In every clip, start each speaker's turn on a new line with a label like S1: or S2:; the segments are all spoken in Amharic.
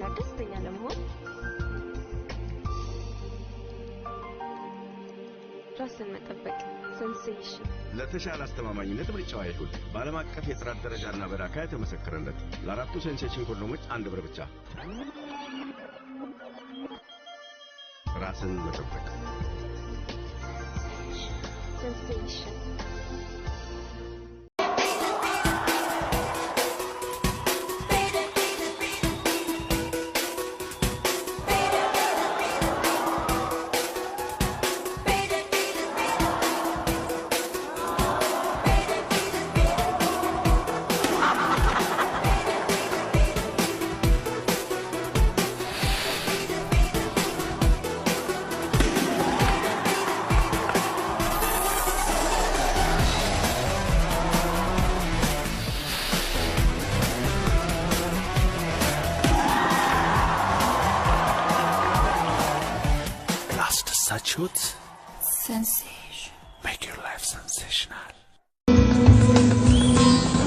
S1: ለመዝናና ደስተኛ ለመሆን ራስን መጠበቅ ሰንሴሽን
S2: ለተሻለ አስተማማኝነት ብቻ አይሁን። በዓለም አቀፍ የጥራት ደረጃና በዳካ የተመሰከረለት ለአራቱ ሴንሴሽን ኮንዶሞች አንድ ብር ብቻ። ራስን መጠበቅ
S1: ሰንሴሽን
S3: ያያችሁት ሜክ ዩር ላይፍ ሰንሴሽናል።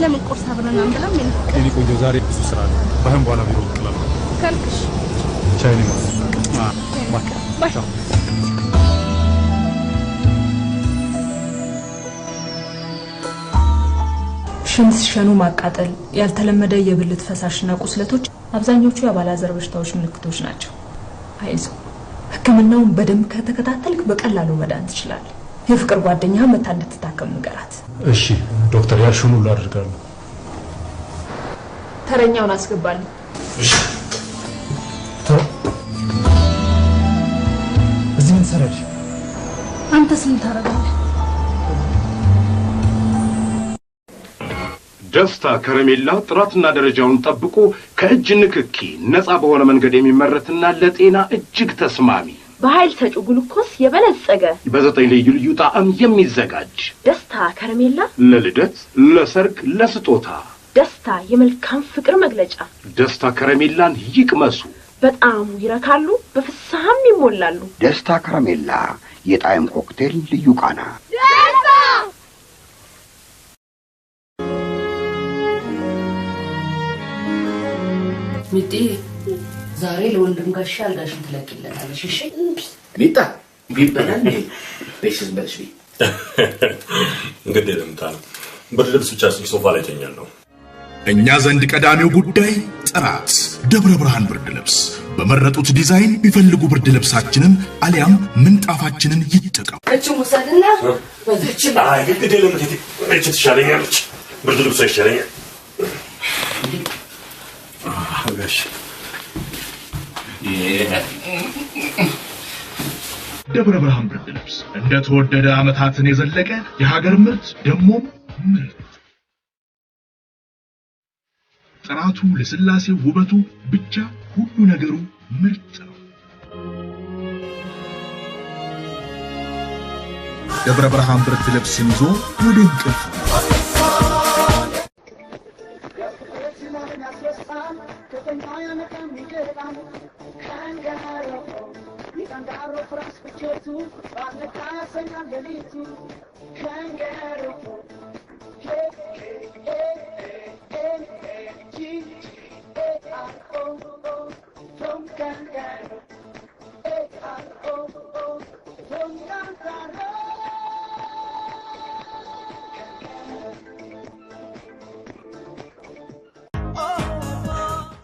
S1: ለምን ቁርስ አብረን አንበላም?
S4: የእኔ ቆንጆ ዛሬ ብዙ ስራ ነው። ባይሆን በኋላ ቢሮ ብቅ እላለሁ ካልኩሽ ቻይ ነው
S1: ሽንት ሸኑ ማቃጠል፣ ያልተለመደ የብልት ፈሳሽና ቁስለቶች አብዛኞቹ የአባላዘር በሽታዎች ምልክቶች ናቸው። አይዞ ህክምናውን በደንብ ከተከታተልክ በቀላሉ መዳን ትችላል። የፍቅር ጓደኛ መታ እንድትታከም ንገራት።
S4: እሺ ዶክተር ያልሽውን ሁሉ አድርጋለሁ።
S1: ተረኛውን አስገባል።
S4: እዚህ ምን ሰረድ?
S1: አንተ? ስንት ታደርጋለህ?
S5: ደስታ ከረሜላ ጥራትና ደረጃውን ጠብቆ ከእጅ ንክኪ ነፃ በሆነ መንገድ የሚመረትና ለጤና እጅግ ተስማሚ
S1: በኃይል ሰጪ ግሉኮስ የበለጸገ
S5: በዘጠኝ ልዩ ልዩ ጣዕም የሚዘጋጅ
S1: ደስታ ከረሜላ
S5: ለልደት፣ ለሰርግ፣ ለስጦታ
S1: ደስታ የመልካም ፍቅር መግለጫ።
S5: ደስታ ከረሜላን ይቅመሱ።
S1: በጣዕሙ ይረካሉ፣ በፍስሐም ይሞላሉ።
S6: ደስታ ከረሜላ የጣዕም ኮክቴል ልዩ ቃና
S1: ሚጤ ዛሬ ለወንድም ጋሻ አልጋሽን ትለቅለታለሽ። እሺ
S5: ሚጣ ቢበላል ቤስ ዝም በልሽ ቢ እንግዲህ ለምታ ነው። ብርድ ልብስ ብቻ ሶፋ ላይ ተኛለሁ።
S2: እኛ ዘንድ ቀዳሚው ጉዳይ ጥራት። ደብረ ብርሃን ብርድ ልብስ በመረጡት ዲዛይን ቢፈልጉ ብርድ ልብሳችንን አሊያም ምንጣፋችንን ይጠቀሙ።
S1: እቺ ሙሰልና በዚች
S5: አይ ግድ ለምትት እቺ ትሻለኛለች። ብርድ ልብሷ ይሻለኛል። ጋሽ
S2: ደብረ ብርሃን ብርድ ልብስ እንደተወደደ ዓመታትን የዘለቀ የሀገር ምርት ደግሞም ምርት ጥራቱ፣ ለስላሴው፣ ውበቱ ብቻ ሁሉ ነገሩ ምርጥ ነው። ደብረ ብርሃን ብርድ ልብስን ይዞ ወደ እንቅልፍ pan, to ten pan, a tam nie pan. Kangaro, i kangaro, fras, pichotu, pan, a kasa,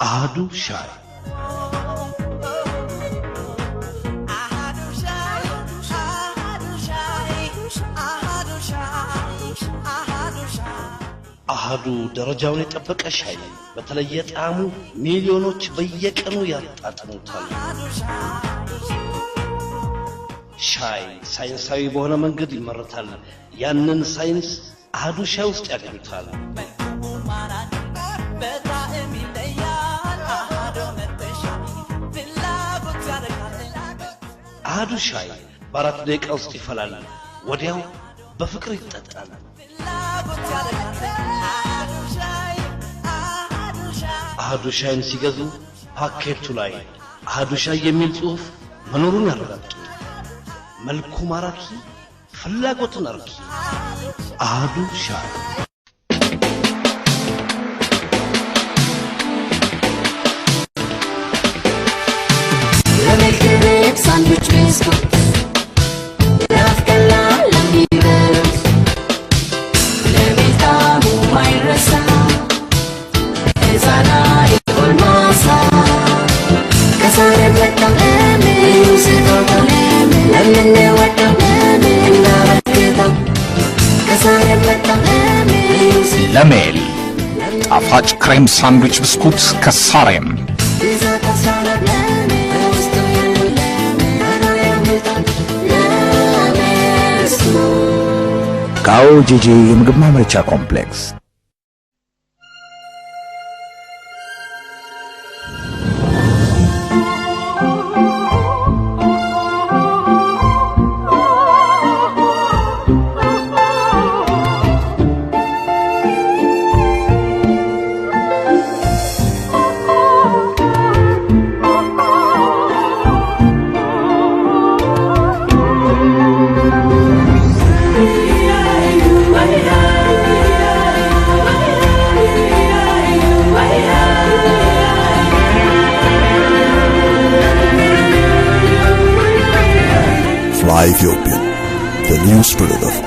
S7: አህዱ ሻይ አህዱ ደረጃውን የጠበቀ ሻይ በተለየ ጣዕሙ ሚሊዮኖች በየቀኑ ያጣጥሙታል። ሻይ ሳይንሳዊ በሆነ መንገድ ይመረታል። ያንን ሳይንስ አህዱ ሻይ ውስጥ ያገኙታል። አሃዱ ሻይ በአራት ደቂቃ ውስጥ ይፈላል። ወዲያው በፍቅር ይጠጣል። አሃዱ ሻይን ሲገዙ ፓኬቱ ላይ አሃዱ ሻይ የሚል ጽሑፍ መኖሩን ያረጋግጡ። መልኩ ማራኪ፣ ፍላጎትን አርኪ። አሃዱ ሻይ
S2: ለሜል ጣፋጭ ክሬም ሳንድዊች ብስኩት ከሳሬም kau jiji gemar mereka kompleks.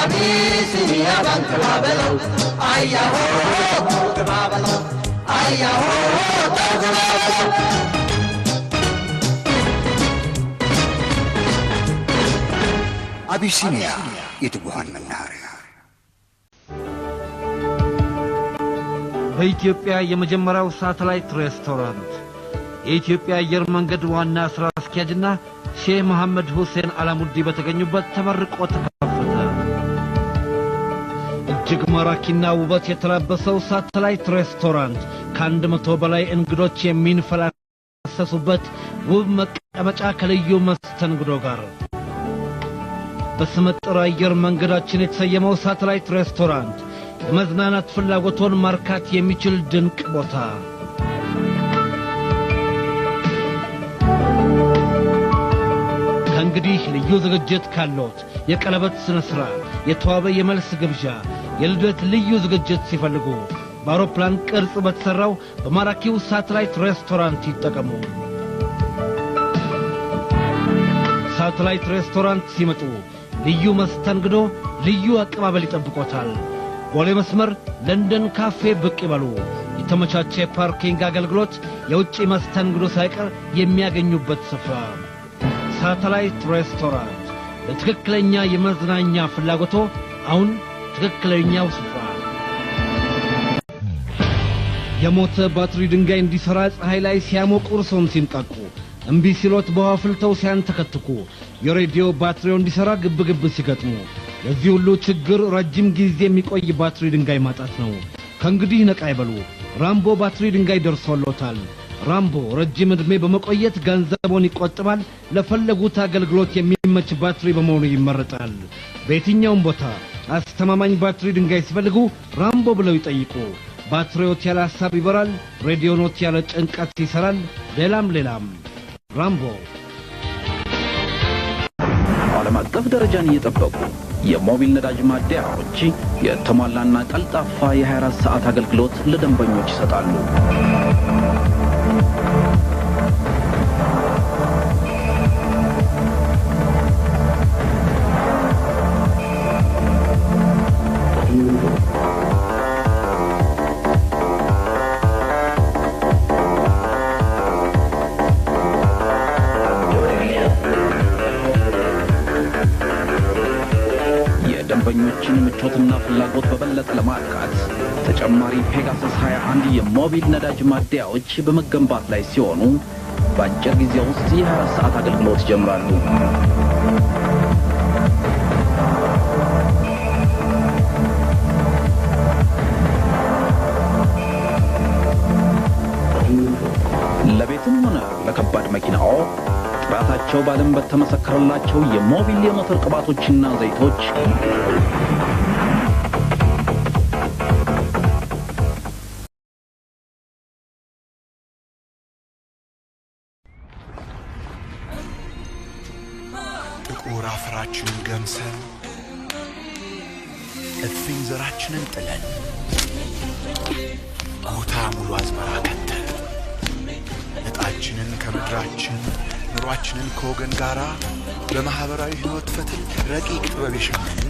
S8: አቢሲኒያ አቢሲኒያ የትጉሃን መናኸሪያ በኢትዮጵያ የመጀመሪያው ሳተላይት ሬስቶራንት የኢትዮጵያ አየር መንገድ ዋና ሥራ አስኪያጅና ሼህ መሐመድ ሁሴን አላሙዲ በተገኙበት ተመርቆ ተከፈተ። እጅግ ማራኪና ውበት የተላበሰው ሳተላይት ሬስቶራንት ከአንድ መቶ በላይ እንግዶች የሚንፈላሰሱበት ውብ መቀመጫ ከልዩ መስተንግዶ ጋር በስመጥር አየር መንገዳችን የተሰየመው ሳተላይት ሬስቶራንት የመዝናናት ፍላጎቶን ማርካት የሚችል ድንቅ ቦታ ልዩ ዝግጅት ካለዎት የቀለበት ሥነ ሥርዓት፣ የተዋበ የመልስ ግብዣ፣ የልደት ልዩ ዝግጅት ሲፈልጉ በአውሮፕላን ቅርጽ በተሠራው በማራኪው ሳተላይት ሬስቶራንት ይጠቀሙ። ሳተላይት ሬስቶራንት ሲመጡ ልዩ መስተንግዶ፣ ልዩ አቀባበል ይጠብቆታል። ቦሌ መስመር ለንደን ካፌ ብቅ ይበሉ። የተመቻቸ ፓርኪንግ አገልግሎት፣ የውጭ መስተንግዶ ሳይቀር የሚያገኙበት ስፍራ ሳተላይት ሬስቶራንት ለትክክለኛ የመዝናኛ ፍላጎቶ አሁን ትክክለኛው ስፍራ። የሞተ ባትሪ ድንጋይ እንዲሠራ ፀሐይ ላይ ሲያሞቁ እርሶን ሲንጠቁ እምቢ ሲሎት በውሃ ፍልተው ሲያንተከትኩ የሬዲዮ ባትሪው እንዲሠራ ግብግብ ሲገጥሙ የዚህ ሁሉ ችግር ረጅም ጊዜ የሚቆይ ባትሪ ድንጋይ ማጣት ነው። ከእንግዲህ ነቃ ይበሉ። ራምቦ ባትሪ ድንጋይ ደርሶሎታል። ራምቦ ረጅም ዕድሜ በመቆየት ገንዘቦን ይቆጥባል። ለፈለጉት አገልግሎት የሚመች ባትሪ በመሆኑ ይመረጣል። በየትኛውም ቦታ አስተማማኝ ባትሪ ድንጋይ ሲፈልጉ ራምቦ ብለው ይጠይቁ። ባትሪዎት ያለ ሐሳብ ይበራል። ሬዲዮኖት ያለ ጭንቀት ይሠራል። ሌላም ሌላም ራምቦ
S9: ዓለም አቀፍ ደረጃን እየጠበቁ የሞቢል ነዳጅ ማደያዎች የተሟላና ቀልጣፋ የ24 ሰዓት አገልግሎት ለደንበኞች ይሰጣሉ። የደንበኞችን ምቾትና ፍላጎት በበለጠ ለማርካት ተጨማሪ ፔጋሰስ 21 የሞቢል ነዳጅ ማደያዎች በመገንባት ላይ ሲሆኑ በአጭር ጊዜ ውስጥ የ24 ሰዓት አገልግሎት ይጀምራሉ። ለቤትም ሆነ ለከባድ መኪናዎ ጥራታቸው በዓለም በተመሰከረላቸው የሞቢል የሞተር ቅባቶችና ዘይቶች
S10: ጥቁር አፈራችንን ገምሰን እፍኝ ዘራችንን ጥለን ቦታ ሙሉ አዝመራ ከተን እጣችንን ከምድራችን ኑሯችንን ከወገን ጋር በማኅበራዊ ሕይወት ፈትል ረቂቅ ጥበብ የሸመንን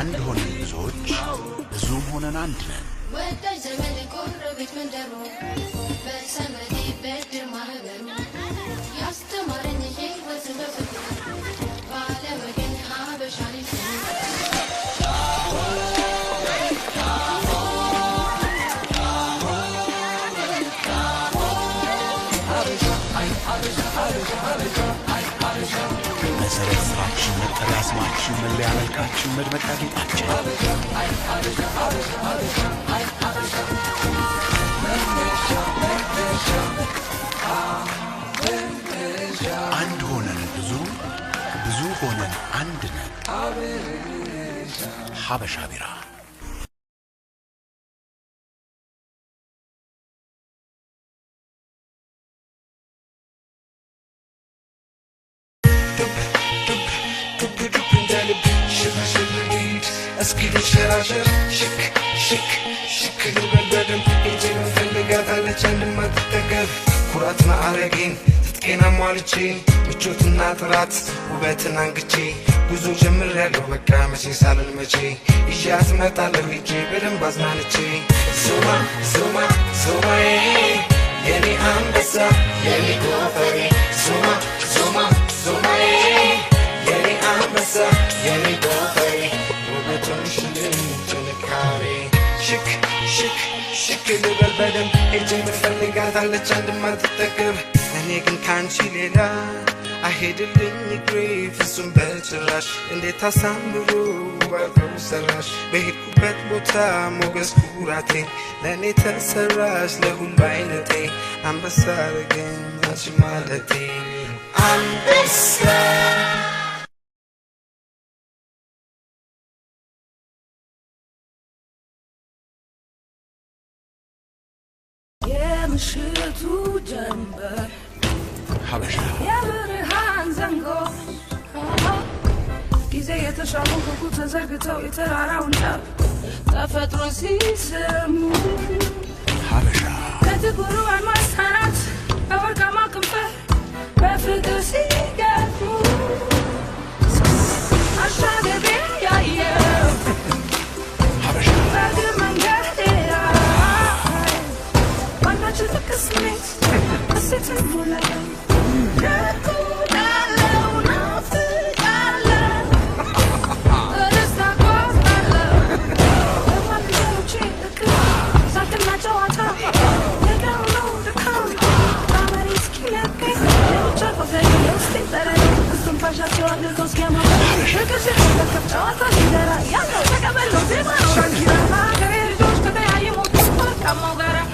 S10: አንድ ሆነን ብዙዎች ብዙም ሆነን አንድ ነን። ወዳጅ ዘመድ ጎረቤት መንደሩ በሰመዴ በድር ማኅበሩ ልምምድ በቃ ጌጣችን አንድ ሆነን ብዙ ብዙ ሆነን አንድ ነን ሀበሻ ቢራ እስኪ ልንሸራሸር ሽክ ሽክ ሽክ ልበል በደንብ እንጀን ፈልጋታለች አንድም አትጠገብ ኩራትና ትጥቄን አሟልቼ ምቾትና ጥራት ውበትን አንግቼ ጉዞ ጀምር ያለው በቃ መቼ ሳልል መቼ ይዣት መጣለሁ ሄጄ በደንብ አዝናንቼ ዞማ ዞማ ዞማዬ የኔ አንበሳ የኔ ጎፈሬ ዞማ ዞማ ዞማዬ
S11: የኔ አንበሳ የኔ ሽክ ሽክ ሽክ ልበል በደንብ እጅ የምፈልጋታለች አንድም አትጠግብ እኔ ግን ካንቺ ሌላ አሄድልኝ እግሬ ፍጹም በጭራሽ እንዴት አሳምሩ ባልከው ሰራሽ በሄድኩበት ቦታ ሞገስ ኩራቴ ለእኔ ተሰራሽ ለሁሉ አይነቴ አንበሳ ረገኝ ማለቴ አንበሳ ምሽቱ ጀንበር ሀበሻ የብርሃን ዘንጎ ጊዜ የተሻሙኩ ተዘርግተው የተራራውን ጫፍ ተፈጥሮ ሲስሙ ሀበሻ ከጥቁሩ አልማስ ህናት በወርቃማ ክንፈር በፍቅር ሲገ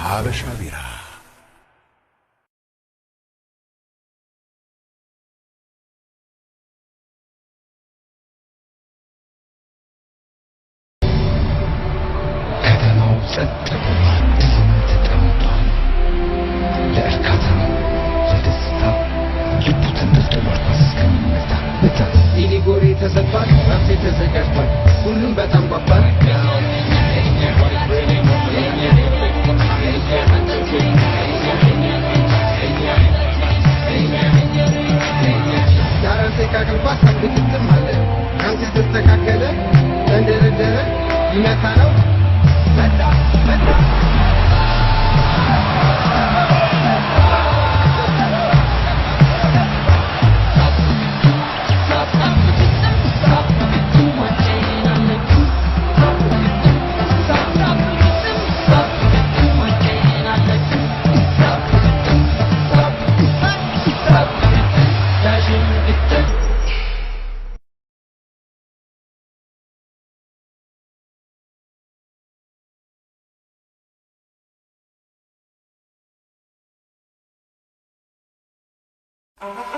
S11: Habesha Vira.
S12: Uh-huh.